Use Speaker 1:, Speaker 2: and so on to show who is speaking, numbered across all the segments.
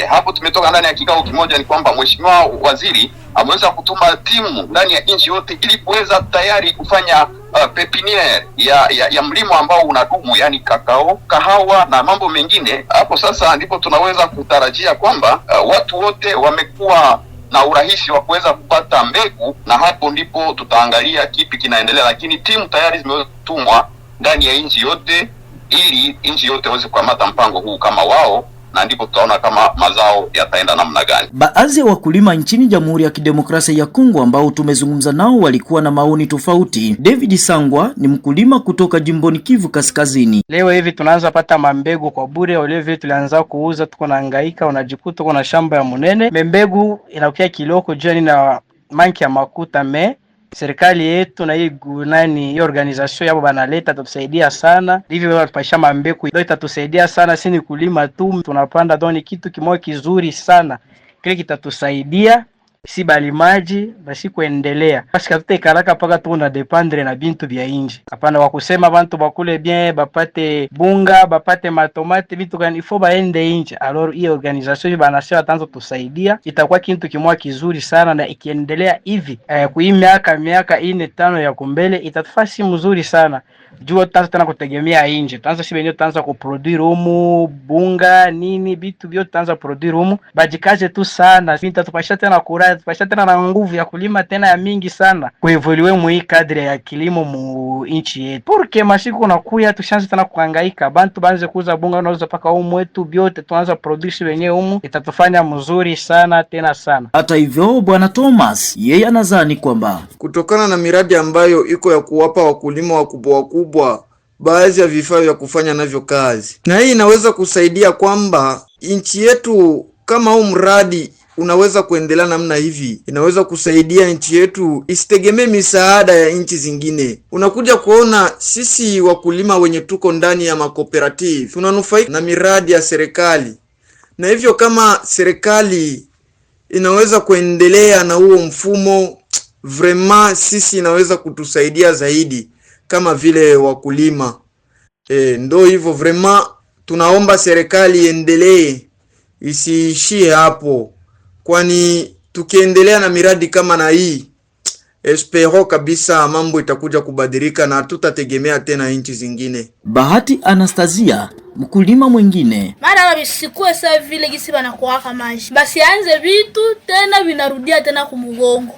Speaker 1: Tuangalie hapo, tumetoka ndani ya kikao kimoja, ni kwamba mheshimiwa waziri ameweza kutuma timu ndani ya nchi yote ili kuweza tayari kufanya uh, pepinier ya, ya, ya mlimo ambao unadumu, yani kakao, kahawa na mambo mengine. Hapo sasa ndipo tunaweza kutarajia kwamba uh, watu wote wamekuwa na urahisi wa kuweza kupata mbegu, na hapo ndipo tutaangalia kipi kinaendelea, lakini timu tayari zimetumwa ndani ya nchi yote ili nchi yote waweze kukamata mpango huu kama wao na ndipo tutaona kama mazao yataenda namna gani.
Speaker 2: Baadhi ya wakulima nchini Jamhuri ya Kidemokrasia ya Kongo ambao tumezungumza nao walikuwa na maoni tofauti. David Sangwa ni mkulima kutoka jimboni Kivu Kaskazini.
Speaker 3: Leo hivi tunaanza pata mambegu kwa bure, wale vile tulianza kuuza, tuko na hangaika, unajikuta tuko na shamba ya munene, membegu inakuwa kiloko jioni na manki ya makuta me serikali yetu na hii nani hii organization yabo banaleta tatusaidia sana hivyo, tupaisha mambeku ndio itatusaidia sana ni kulima tu tunapanda doni, kitu kimoja kizuri sana kile kitatusaidia si bali maji basi katutaikalaka mpaka tu na dependre na bintu vya inji. Hapana, kusema bantu bakule bien bapate bunga bapate matomate vitu gani, ifo baende inji. Alors hiyo organization banasema tanzo tusaidia, itakuwa kintu kimoja kizuri sana, na ikiendelea hivi eh, kuii miaka miaka ine tano ya kumbele itatufasi mzuri sana jua tutaanza tena kutegemea nje, tutaanza sisi wenyewe tutaanza kuproduce rumu bunga nini bitu vyote tutaanza kuproduce rumu. Bajikaze tu sana, mimi tatupasha tena kura, tupasha tena na nguvu ya kulima tena ya mingi sana, kuevolue mu kadri ya kilimo mu inchi yetu, porque masiku nakuya tushanze tena kuhangaika, bantu banze kuuza bunga, nauza paka humu wetu vyote tuanza produce wenyewe humu, itatufanya mzuri sana tena sana.
Speaker 2: Hata hivyo, bwana Thomas yeye anazani kwamba
Speaker 4: kutokana na miradi ambayo iko ya kuwapa wakulima wakubwa wakubwa kubwa baadhi ya vifaa vya kufanya navyo kazi, na hii inaweza kusaidia kwamba nchi yetu kama huu mradi unaweza kuendelea namna hivi, inaweza kusaidia nchi yetu isitegemee misaada ya nchi zingine. Unakuja kuona sisi wakulima wenye tuko ndani ya makooperative tunanufaika na miradi ya serikali, na hivyo kama serikali inaweza kuendelea na huo mfumo, vrema, sisi inaweza kutusaidia zaidi kama vile wakulima e, ndo hivyo vraiment, tunaomba serikali iendelee, isiishie hapo, kwani tukiendelea na miradi kama na hii espero kabisa mambo itakuja kubadilika na hatutategemea tena nchi zingine.
Speaker 2: Bahati Anastasia mkulima mwingine
Speaker 5: mara babisikue sa vile gisi banakuwaka maji basi anze vitu tena vinarudia tena kumugongo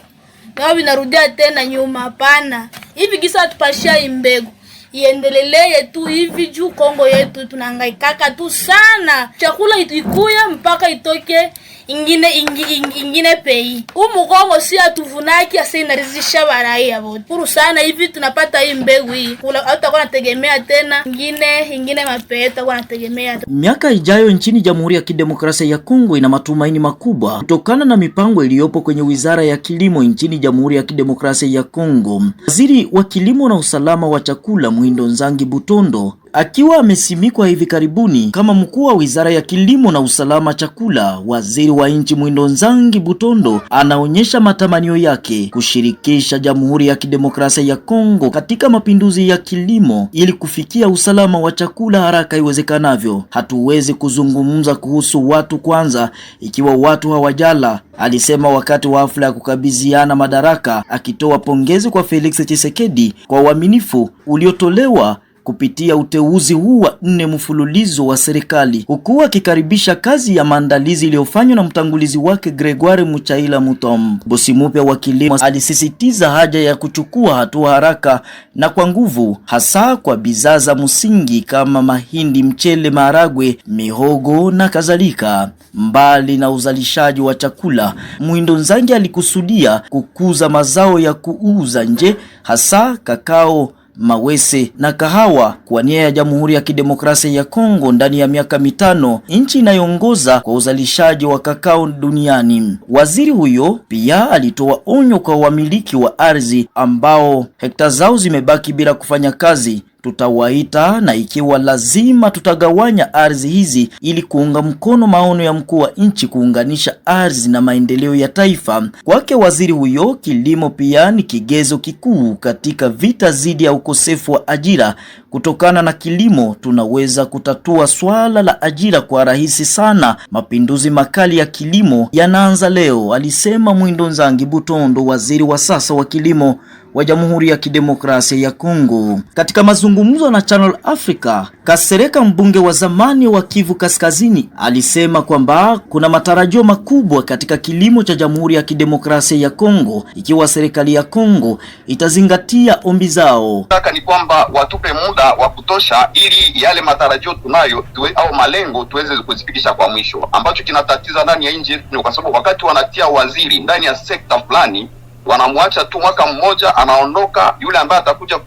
Speaker 5: kama vinarudia tena nyuma. Hapana, hivi kisa tupashia mbegu iendelele tu hivi juu Kongo yetu tunangaikaka tu sana, chakula ikuya mpaka itoke ingine ingi, ingi, ingine pei umu Kongo si atuvunaki asa inarizisha baraia bote puru sana hivi tunapata hii mbegu hii utakuwa nategemea tena ingine ingine mapei utakuwa nategemea
Speaker 2: miaka ijayo. Nchini Jamhuri ya Kidemokrasia ya Kongo ina matumaini makubwa kutokana na mipango iliyopo kwenye Wizara ya Kilimo nchini Jamhuri ya Kidemokrasia ya Kongo. Waziri wa Kilimo na Usalama wa Chakula Mwindo Nzangi Butundo Akiwa amesimikwa hivi karibuni kama mkuu wa wizara ya kilimo na usalama chakula, waziri wa nchi Mwindonzangi Butondo anaonyesha matamanio yake kushirikisha Jamhuri ya Kidemokrasia ya Kongo katika mapinduzi ya kilimo ili kufikia usalama wa chakula haraka iwezekanavyo. Hatuwezi kuzungumza kuhusu watu kwanza ikiwa watu hawajala, alisema wakati wa hafla ya kukabidhiana madaraka, akitoa pongezi kwa Felix Tshisekedi kwa uaminifu uliotolewa kupitia uteuzi huu wa nne mfululizo wa serikali, huku akikaribisha kazi ya maandalizi iliyofanywa na mtangulizi wake Gregoire Muchaila Mutom. Bosi mpya wa kilimo alisisitiza haja ya kuchukua hatua haraka na kwa nguvu, hasa kwa bidhaa za msingi kama mahindi, mchele, maharagwe, mihogo na kadhalika. Mbali na uzalishaji wa chakula, Mwindo Nzangi alikusudia kukuza mazao ya kuuza nje, hasa kakao mawese na kahawa kwa nia ya Jamhuri ya Kidemokrasia ya Kongo ndani ya miaka mitano, nchi inayoongoza kwa uzalishaji wa kakao duniani. Waziri huyo pia alitoa onyo kwa wamiliki wa ardhi ambao hekta zao zimebaki bila kufanya kazi tutawaita na ikiwa lazima tutagawanya ardhi hizi ili kuunga mkono maono ya mkuu wa nchi kuunganisha ardhi na maendeleo ya taifa. Kwake waziri huyo, kilimo pia ni kigezo kikuu katika vita dhidi ya ukosefu wa ajira. Kutokana na kilimo tunaweza kutatua swala la ajira kwa rahisi sana. Mapinduzi makali ya kilimo yanaanza leo, alisema Mwindo Nzangi Butondo, waziri wa sasa wa kilimo wa Jamhuri ya Kidemokrasia ya Kongo. Katika mazungumzo na Channel Africa, Kasereka, mbunge wa zamani wa Kivu Kaskazini, alisema kwamba kuna matarajio makubwa katika kilimo cha Jamhuri ya Kidemokrasia ya Kongo ikiwa serikali ya Kongo itazingatia ombi zao.
Speaker 1: Nataka ni kwamba watupe muda wa kutosha ili yale matarajio tunayo tuwe, au malengo tuweze kuzifikisha kwa mwisho. Ambacho kinatatiza ndani ya nchi yetu ni kwa sababu wakati wanatia waziri ndani ya sekta fulani wanamwacha tu mwaka mmoja, anaondoka. Yule ambaye atakuja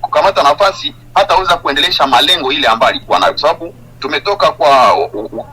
Speaker 1: kukamata nafasi hataweza kuendelesha malengo ile ambayo alikuwa nayo, kwa sababu tumetoka kwa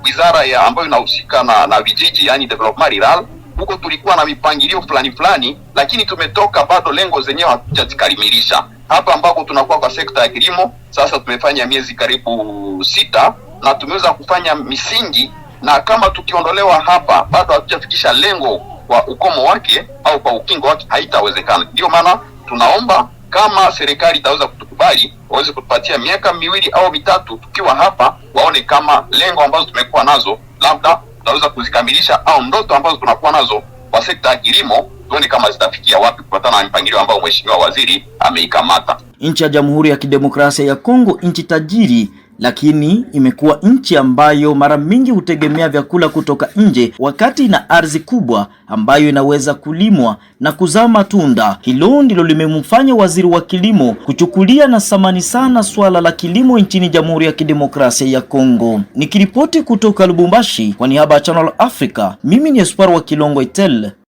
Speaker 1: wizara ya ambayo inahusika na, na vijiji yani development rural. Huko tulikuwa na mipangilio fulani fulani, lakini tumetoka bado lengo zenyewe hatujazikamilisha. Hapa ambako tunakuwa kwa sekta ya kilimo sasa, tumefanya miezi karibu sita na tumeweza kufanya misingi, na kama tukiondolewa hapa bado hatujafikisha lengo kwa ukomo wake au kwa ukingo wake haitawezekana. Ndio maana tunaomba kama serikali itaweza kutukubali waweze kutupatia miaka miwili au mitatu tukiwa hapa, waone kama lengo ambazo tumekuwa nazo labda tunaweza kuzikamilisha au ndoto ambazo tunakuwa nazo kwa sekta ya kilimo tuone kama zitafikia wapi kufuatana na mipangilio ambayo mheshimiwa waziri ameikamata.
Speaker 2: Nchi ya Jamhuri ya Kidemokrasia ya Kongo, nchi tajiri lakini imekuwa nchi ambayo mara mingi hutegemea vyakula kutoka nje, wakati ina ardhi kubwa ambayo inaweza kulimwa na kuzaa matunda. Hilo ndilo limemfanya waziri wa kilimo kuchukulia na thamani sana swala la kilimo nchini Jamhuri ya Kidemokrasia ya Kongo. Nikiripoti kutoka Lubumbashi kwa niaba ya Channel Africa, mimi ni Espoir wa Kilongo Itel.